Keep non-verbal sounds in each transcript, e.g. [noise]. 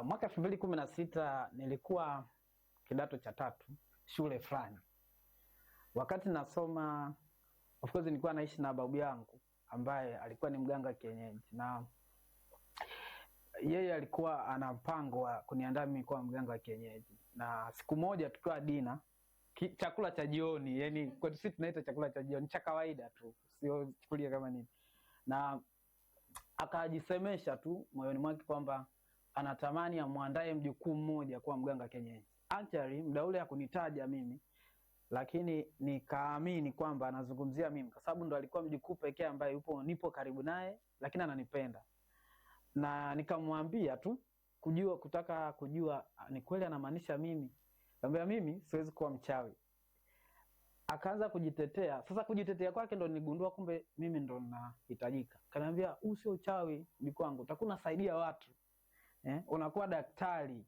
Ah, mwaka elfu mbili kumi na sita nilikuwa kidato cha tatu shule fulani. Wakati nasoma, of course, nilikuwa naishi na babu yangu ambaye alikuwa ni mganga kienyeji, na yeye alikuwa ana mpango wa kuniandaa mimi kuwa mganga kienyeji. Na siku moja tukiwa dina ki, chakula cha jioni, yani kwetu sisi tunaita chakula cha jioni cha kawaida tu, sio chukulia kama nini, na akajisemesha tu moyoni mwake kwamba anatamani amwandae mjukuu mmoja kuwa mganga kienyeji. Actually mda ule hakunitaja mimi, lakini nikaamini kwamba anazungumzia mimi kwa sababu ndo alikuwa mjukuu pekee ambaye yupo nipo karibu naye, lakini ananipenda na nikamwambia tu kujua kutaka kujua ah, ni kweli anamaanisha mimi. Nikamwambia mimi siwezi kuwa mchawi. Akaanza kujitetea. Sasa kujitetea kwake ndo nigundua kumbe mimi ndo nahitajika. Kaniambia, sio uchawi mjukuu wangu, utakuwa unasaidia watu." eh? Unakuwa daktari.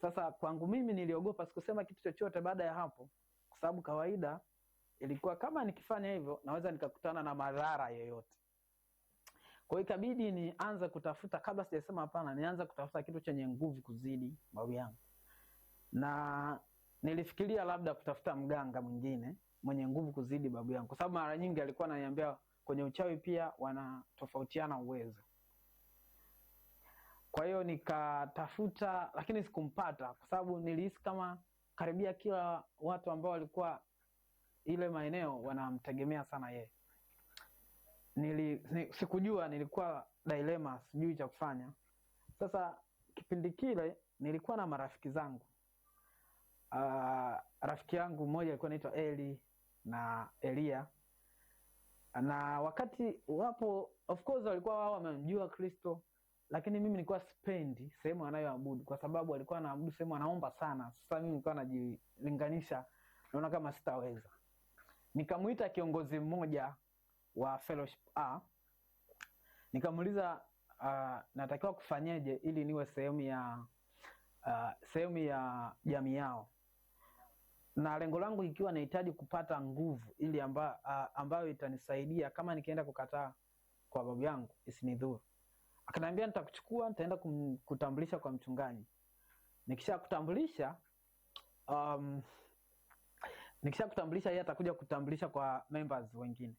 Sasa kwangu mimi niliogopa, sikusema kitu chochote baada ya hapo, kwa sababu kawaida ilikuwa kama nikifanya hivyo naweza nikakutana na madhara yoyote. Kwa hiyo ikabidi nianze kutafuta, kabla sijasema hapana, nianze kutafuta kitu chenye nguvu kuzidi babu yangu, na nilifikiria labda kutafuta mganga mwingine mwenye nguvu kuzidi babu yangu, kwa sababu mara nyingi alikuwa ananiambia kwenye uchawi pia wanatofautiana uwezo. Kwa hiyo nikatafuta, lakini sikumpata kwa sababu nilihisi kama karibia kila watu ambao walikuwa ile maeneo wanamtegemea sana yeye. Nili, sikujua nilikuwa dilema, sijui cha kufanya. Sasa kipindi kile nilikuwa na marafiki zangu. Uh, rafiki yangu mmoja alikuwa anaitwa Eli na Elia, na wakati wapo, of course walikuwa wao wamemjua Kristo lakini mimi nilikuwa sipendi sehemu anayoabudu kwa sababu alikuwa anaabudu sehemu anaomba sana. Sasa mimi nilikuwa najilinganisha, naona kama sitaweza. Nikamuita kiongozi mmoja wa fellowship A, nikamuuliza uh, natakiwa kufanyeje ili niwe sehemu ya uh, sehemu ya jamii yao, na lengo langu ikiwa nahitaji kupata nguvu ili amba, uh, ambayo itanisaidia kama nikienda kukataa kwa babu yangu isinidhuru. Akaniambia nitakuchukua, nitaenda kutambulisha kwa mchungaji. Nikisha kutambulisha um, nikisha kutambulisha yeye atakuja kutambulisha kwa members wengine.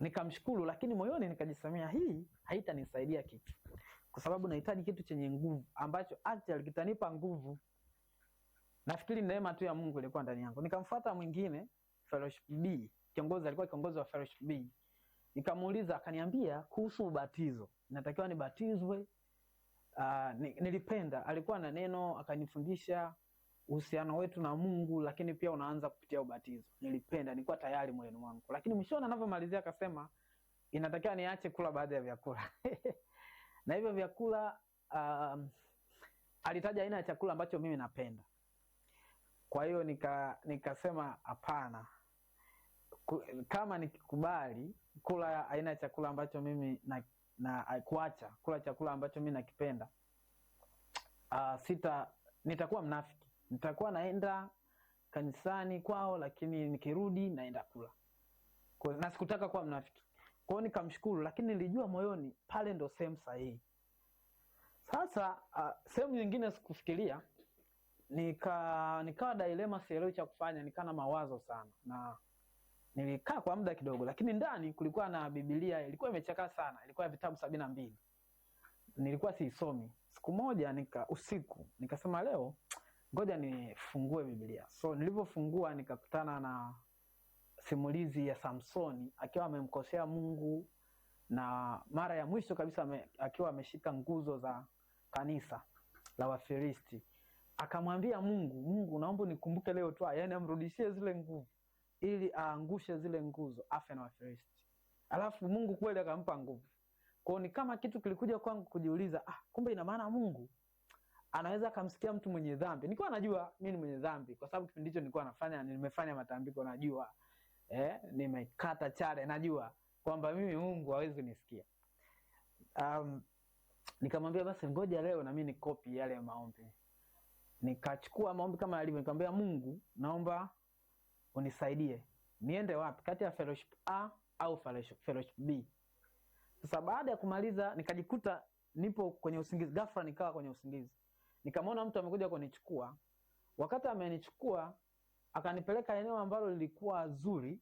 Nikamshukuru, lakini moyoni nikajisemea hii haitanisaidia kitu, kwa sababu nahitaji kitu chenye nguvu ambacho actually kitanipa nguvu. Nafikiri neema tu ya Mungu ilikuwa ndani yangu. Nikamfuata mwingine fellowship B, kiongozi alikuwa kiongozi wa fellowship B nikamuuliza, akaniambia kuhusu ubatizo, natakiwa nibatizwe. Uh, nilipenda, alikuwa na neno akanifundisha uhusiano wetu na Mungu, lakini pia unaanza kupitia ubatizo. Nilipenda, nilikuwa tayari moyoni mwangu, lakini mwishoni anavyomalizia akasema inatakiwa niache kula baadhi ya vyakula [laughs] na hivyo vyakula um, alitaja aina ya chakula ambacho mimi napenda. Kwa hiyo nika nikasema hapana, kama nikikubali kula aina ya chakula ambacho mimi na, na kuacha kula chakula ambacho mimi nakipenda uh, sita nitakuwa mnafiki, nitakuwa naenda kanisani kwao, lakini nikirudi naenda kula kwa, na sikutaka kuwa mnafiki kwao, nikamshukuru, lakini nilijua moyoni pale ndo sehemu sahihi. Sasa uh, sehemu nyingine sikufikiria, nika nikawa dilema, sielewi cha kufanya, nikaa na mawazo sana na Nilikaa kwa muda kidogo, lakini ndani kulikuwa na Biblia ilikuwa imechakaa sana, ilikuwa ya vitabu sabini na mbili. Nilikuwa siisomi. Siku moja nika usiku nikasema leo ngoja nifungue Biblia. So nilivyofungua nikakutana na simulizi ya Samsoni akiwa amemkosea Mungu na mara ya mwisho kabisa me, akiwa ameshika nguzo za kanisa la Wafilisti akamwambia Mungu, Mungu naomba nikumbuke leo tu, yani amrudishie zile nguvu ili aangushe zile nguzo afe na Wafilisti. Alafu Mungu kweli akampa nguvu. Kwa ni kama kitu kilikuja kwangu kujiuliza, ah, kumbe ina maana Mungu anaweza akamsikia mtu mwenye dhambi. Nilikuwa najua mimi ni mwenye dhambi kwa sababu kipindi hicho nilikuwa nafanya nimefanya matambiko najua. Eh, nimekata chale najua kwamba mimi Mungu hawezi nisikia. Um, nikamwambia basi ngoja leo na mimi nikopi yale maombi. Nikachukua maombi kama yalivyo, nikamwambia Mungu, naomba unisaidie niende wapi kati ya fellowship A au fellowship, fellowship B. Sasa baada ya kumaliza nikajikuta nipo kwenye usingizi, ghafla nikawa kwenye usingizi, nikamwona mtu amekuja kunichukua. Wakati amenichukua akanipeleka eneo ambalo lilikuwa zuri,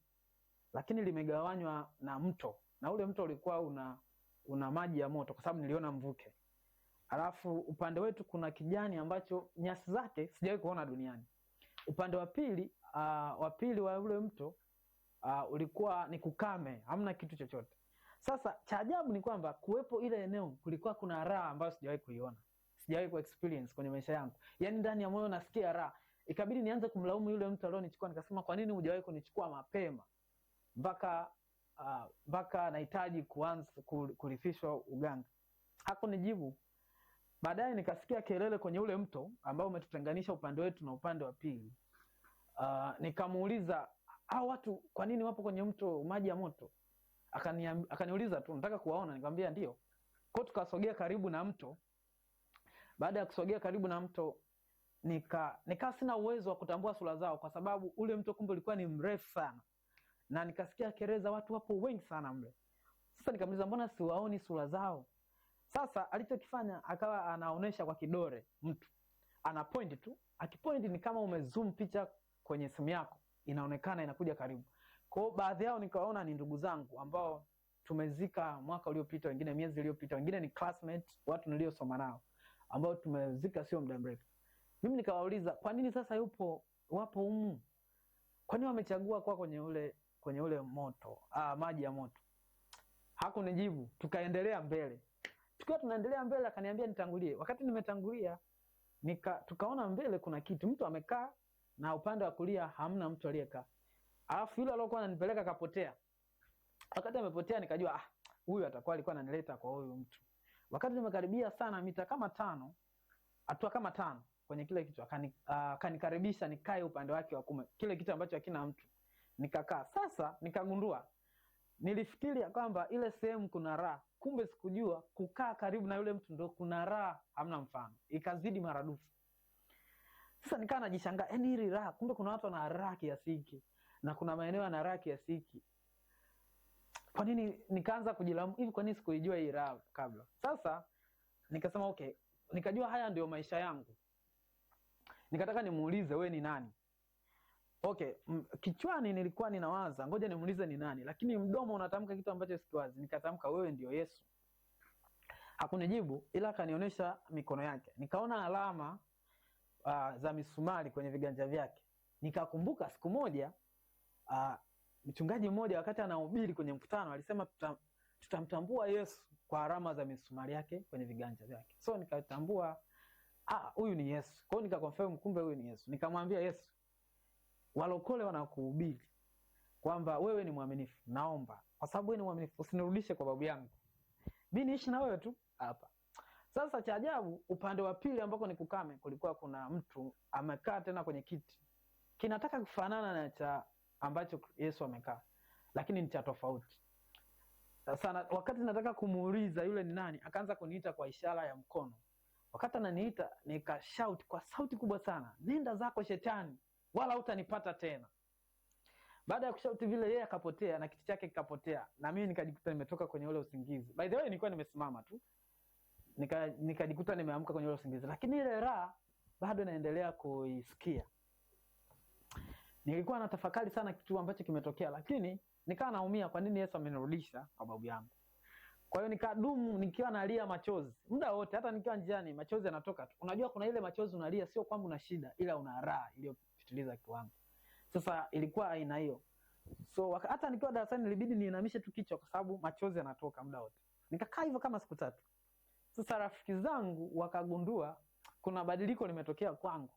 lakini limegawanywa na mto, na ule mto ulikuwa una una maji ya moto, kwa sababu niliona mvuke. Alafu upande wetu kuna kijani ambacho nyasi zake sijawahi kuona duniani upande wa pili uh, wa pili wa ule mto uh, ulikuwa ni kukame, hamna kitu chochote. Sasa cha ajabu ni kwamba kuwepo ile eneo kulikuwa kuna raha ambayo sijawahi kuiona, sijawahi ku experience kwenye maisha yangu, yaani ndani ya moyo nasikia raha. Ikabidi nianze kumlaumu yule mtu alionichukua, nikasema kwa nini hujawahi kunichukua mapema mpaka ah, mpaka uh, nahitaji kuanza kulifishwa uganga. Hakunijibu. Baadaye nikasikia kelele kwenye ule mto ambao umetutenganisha upande wetu na upande wa pili. Uh, nikamuuliza hao watu kwa nini wapo kwenye mto maji ya moto? Akani, akaniuliza tu nataka kuwaona, nikamwambia ndio. Kwa tukasogea karibu na mto. Baada ya kusogea karibu na mto nika nikaa sina uwezo wa kutambua sura zao kwa sababu ule mto kumbe ulikuwa ni mrefu sana. Na nikasikia kereza za watu wapo wengi sana mle. Sasa nikamuuliza mbona siwaoni sura zao? Sasa alichokifanya akawa anaonesha kwa kidore, mtu ana point tu, akipoint ni kama umezoom picha kwenye simu yako, inaonekana inakuja karibu. Kwa hiyo baadhi yao nikaona ni ndugu zangu ambao tumezika mwaka uliopita, wengine miezi iliyopita, wengine ni classmates, watu niliosoma nao ambao tumezika sio muda mrefu. Mimi nikawauliza kwa nini sasa yupo wapo humu, kwa nini wamechagua kwa kwenye ule kwenye ule moto ah, maji ya moto. Hakunijibu, tukaendelea mbele tukiwa tunaendelea mbele, akaniambia nitangulie. Wakati nimetangulia nika, tukaona mbele kuna kitu mtu amekaa, na upande wa kulia hamna mtu aliyekaa, alafu yule aliyokuwa ananipeleka kapotea. Wakati amepotea, nikajua ah, huyu atakuwa alikuwa ananileta kwa huyu mtu. Wakati nimekaribia sana mita kama tano, hatua kama tano kwenye kile kitu ah, akanikaribisha, uh, nikae upande wake wa kume, kile kitu ambacho hakina mtu. Nikakaa sasa, nikagundua Nilifikiri ya kwamba ile sehemu kuna raha, kumbe sikujua kukaa karibu na yule mtu ndo kuna raha, hamna mfano, ikazidi maradufu. Sasa nikaa najishangaa, yani hili raha, kumbe kuna watu wana raha kiasi hiki na kuna maeneo yana raha kiasi hiki. Kwa nini? Nikaanza kujilamu hivi, kwa nini sikuijua hii raha kabla? Sasa nikasema okay, nikajua haya ndio maisha yangu, nikataka nimuulize we ni nani Okay, kichwani nilikuwa ninawaza ngoja nimuulize ni nani, lakini mdomo unatamka kitu ambacho sikiwazi. Nikatamka wewe ndio Yesu. Hakunijibu, ila akanionyesha mikono yake, nikaona alama uh, za misumari kwenye viganja vyake. Nikakumbuka siku moja uh, mchungaji mmoja wakati anahubiri kwenye mkutano alisema tuta, tutamtambua Yesu kwa alama za misumari yake kwenye viganja vyake. So nikatambua ah, huyu ni Yesu. Kwa hiyo nikakonfirm, kumbe huyu ni Yesu. Nikamwambia Yesu walokole wanakuhubiri kwamba wewe ni mwaminifu, naomba kwa sababu wewe ni mwaminifu, usinirudishe kwa babu yangu, mi niishi na wewe tu hapa. Sasa cha ajabu, upande wa pili ambako ni Kukame, kulikuwa kuna mtu amekaa tena kwenye kiti kinataka kufanana na cha ambacho Yesu amekaa, lakini ni cha tofauti sana. Wakati nataka kumuuliza yule ni nani, akaanza kuniita kwa ishara ya mkono. Wakati ananiita, nikashout kwa sauti kubwa sana, nenda zako shetani wala hutanipata tena. Baada ya kushauti vile, yeye akapotea na kiti chake kikapotea, na mimi nikajikuta nimetoka kwenye ule usingizi. By the way, nilikuwa nimesimama tu nika nikajikuta nimeamka kwenye ule usingizi, lakini ile raha bado naendelea kuisikia. Nilikuwa natafakari sana kitu ambacho kimetokea, lakini nikawa naumia, kwa nini Yesu amenirudisha kwa babu yangu? Kwa hiyo nikadumu nikiwa nalia machozi muda wote, hata nikiwa njiani machozi yanatoka tu. Unajua kuna ile machozi unalia, sio kwamba una shida, ila una raha iliyo kupitiliza kiwango. Sasa ilikuwa aina hiyo. So hata nikiwa darasani ilibidi niinamishe tu kichwa kwa sababu machozi yanatoka muda wote. Nikakaa hivyo kama siku tatu. Sasa rafiki zangu wakagundua kuna badiliko limetokea kwangu.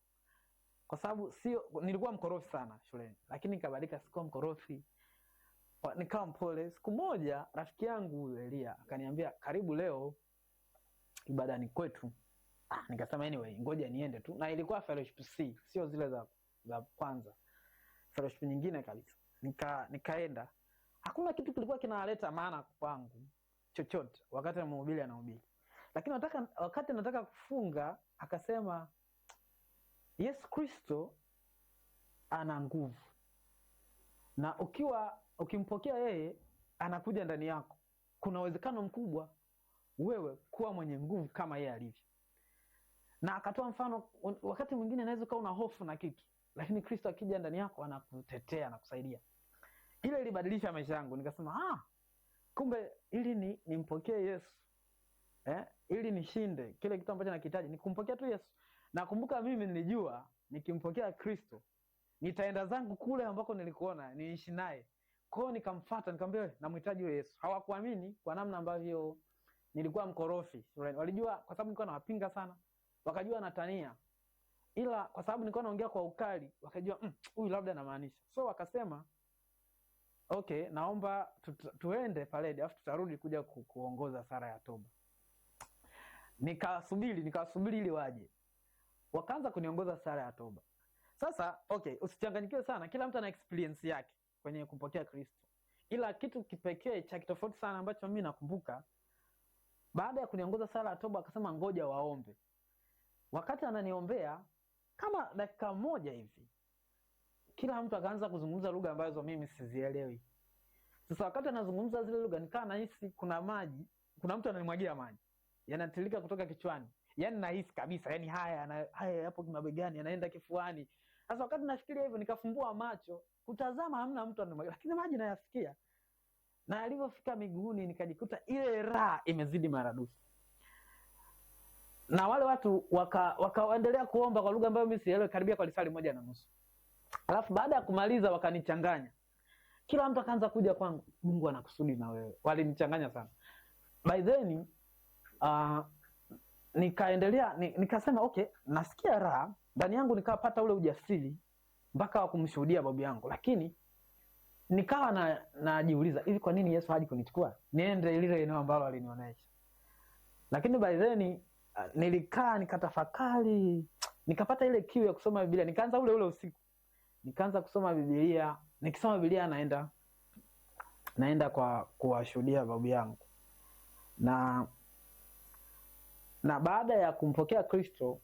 Kwa sababu sio nilikuwa mkorofi sana shuleni, lakini nikabadilika, sikuwa mkorofi. Nikawa mpole. Siku moja rafiki yangu huyo Elia akaniambia, "Karibu leo ibadani kwetu." Ah, nikasema anyway, ngoja niende tu. Na ilikuwa fellowship C, sio zile za la kwanza fellowship nyingine kabisa nika, nikaenda hakuna kitu kilikuwa kinaleta maana kwangu chochote wakati mhubiri anahubiri lakini nataka, wakati nataka kufunga akasema Yesu Kristo ana nguvu na ukiwa ukimpokea yeye anakuja ndani yako, kuna uwezekano mkubwa wewe kuwa mwenye nguvu kama yeye alivyo. Na akatoa mfano, wakati mwingine naweza ukawa una hofu na kitu, lakini Kristo akija ndani yako anakutetea na kusaidia. Hilo ilibadilisha maisha yangu, nikasema ah, kumbe ili ni nimpokee Yesu eh, ili nishinde kile kitu ambacho nakihitaji, ni kumpokea tu Yesu. Nakumbuka mimi nilijua nikimpokea Kristo nitaenda zangu kule ambako nilikuona niishi naye. kwao, hiyo nikamfuata, nikamwambia namhitaji huyo Yesu. Hawakuamini kwa namna ambavyo nilikuwa mkorofi, walijua kwa sababu nilikuwa nawapinga sana, wakajua natania ila kwa sababu nilikuwa naongea kwa ukali, wakajua mm, huyu mm, labda anamaanisha. So wakasema okay, naomba tuende parade afu tutarudi kuja ku, kuongoza sara ya toba. Nikasubiri nikasubiri ili waje, wakaanza kuniongoza sara ya toba. Sasa okay, usichanganyikiwe sana, kila mtu ana experience yake kwenye kumpokea Kristo, ila kitu kipekee cha kitofauti sana ambacho mimi nakumbuka, baada ya kuniongoza sala ya toba, akasema ngoja waombe. Wakati ananiombea kama dakika moja hivi, kila mtu akaanza kuzungumza lugha ambazo mimi sizielewi. Sasa wakati anazungumza zile lugha, nikaa nahisi kuna maji, kuna mtu ananimwagia maji yanatirika kutoka kichwani, yani nahisi kabisa, yani haya na, haya yapo mabegani, yanaenda kifuani. Sasa wakati nafikiria hivyo, nikafumbua macho kutazama, hamna mtu ananimwagia, lakini maji nayasikia, na alivyofika miguuni nikajikuta ile raha imezidi maradufu na wale watu wakaendelea waka kuomba kwa lugha ambayo mimi sielewi karibia kwa lisali moja na nusu. Alafu baada ya kumaliza wakanichanganya. Kila mtu akaanza kuja kwangu, Mungu anakusudi na wewe. Walinichanganya sana. By then uh, nikaendelea ni, nikasema okay, nasikia raha ndani yangu, nikapata ule ujasiri mpaka wa kumshuhudia babu yangu, lakini nikawa na najiuliza hivi, kwa nini Yesu haji kunichukua niende lile eneo ambalo alinionyesha? Lakini by then nilikaa nikatafakari, nikapata ile kiu ya kusoma Biblia, nikaanza ule ule usiku, nikaanza kusoma Biblia. Nikisoma Biblia naenda naenda kwa kuwashuhudia babu yangu na na baada ya kumpokea Kristo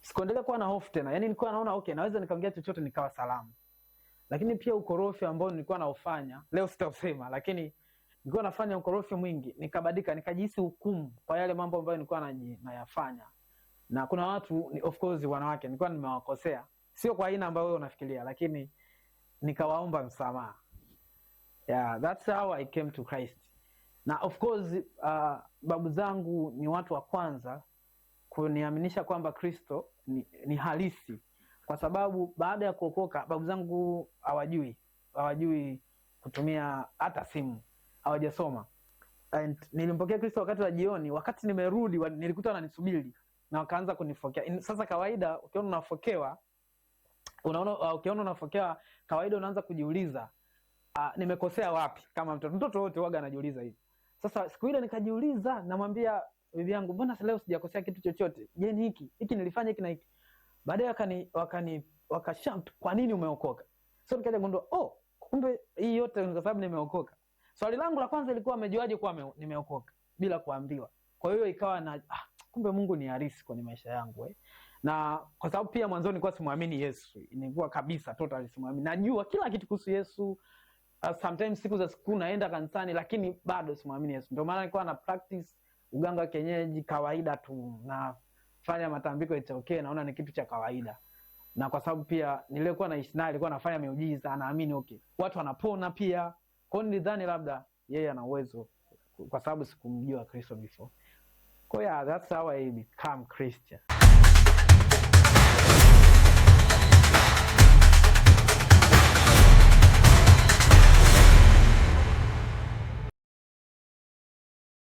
sikuendelea kuwa na hofu tena. Yani nilikuwa naona okay, naweza nikaongea chochote nikawa salama, lakini pia ukorofi ambao nilikuwa naufanya leo sitausema, lakini nilikuwa nafanya ukorofi mwingi, nikabadilika, nikajihisi hukumu kwa yale mambo ambayo nilikuwa nayafanya, na kuna watu ni of course wanawake nilikuwa nimewakosea, sio kwa aina ambayo wewe unafikiria, lakini nikawaomba msamaha. Yeah, that's how I came to Christ. Na of course uh, babu zangu ni watu wa kwanza kuniaminisha kwamba Kristo ni, ni halisi, kwa sababu baada ya kuokoka babu zangu hawajui hawajui kutumia hata simu hawajasoma. Nilimpokea Kristo wakati wa jioni, wakati nimerudi wa, nilikuta wananisubiri na wakaanza kunifokea. sasa kawaida ukiona unafokewa unaona uh, ukiona unafokewa kawaida unaanza kujiuliza uh, nimekosea wapi? Kama mtoto mtoto wote huaga anajiuliza hivi. Sasa siku ile nikajiuliza, namwambia bibi yangu, mbona leo sijakosea kitu chochote? Je, ni hiki hiki nilifanya hiki na hiki? Baadaye wakani wakani wakashamp, kwa nini umeokoka? So nikaja gundua, oh, kumbe hii yote ni kwa sababu nimeokoka. Swali langu la kwanza ilikuwa amejuaje kuwa nimeokoka bila kuambiwa. Kwa hiyo ikawa na ah, kumbe Mungu ni harisi kwenye maisha yangu eh. Na kwa sababu pia mwanzo nilikuwa simwamini Yesu. Nilikuwa kabisa totally simwamini. Najua kila kitu kuhusu Yesu. Uh, sometimes siku za siku naenda kanisani lakini bado simwamini Yesu. Ndio maana nilikuwa na practice uganga wa kienyeji kawaida tu nafanya matambiko it's okay, naona ni kitu cha kawaida. Na kwa sababu pia nilikuwa naishi naye, alikuwa anafanya miujiza, anaamini okay. Watu wanapona pia. Kwa hiyo nilidhani labda yeye ana uwezo kwa sababu sikumjua Kristo before. Kwa hiyo that's how I become Christian.